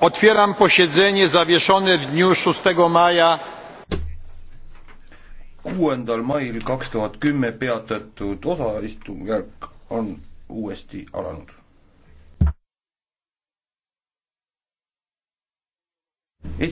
Otwieram posiedzenie zawieszone w dniu 6 maja. kuuendal mail kaks tuhat kümme peatatud osaistungjärk on uuesti alanud.